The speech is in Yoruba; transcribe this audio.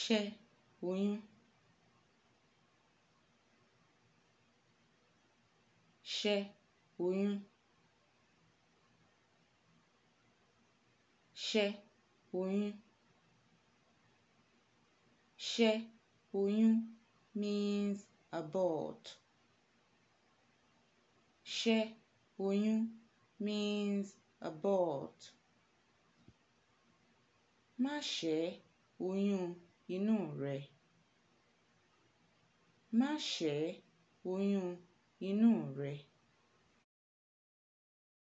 ṣẹ́ oyún ṣẹ́ oyún ṣẹ́ oyún ṣẹ́ oyún means abort ṣẹ́ oyún means abort má ṣẹ́ oyún o inú rẹ má ṣẹ́ oyún inú rẹ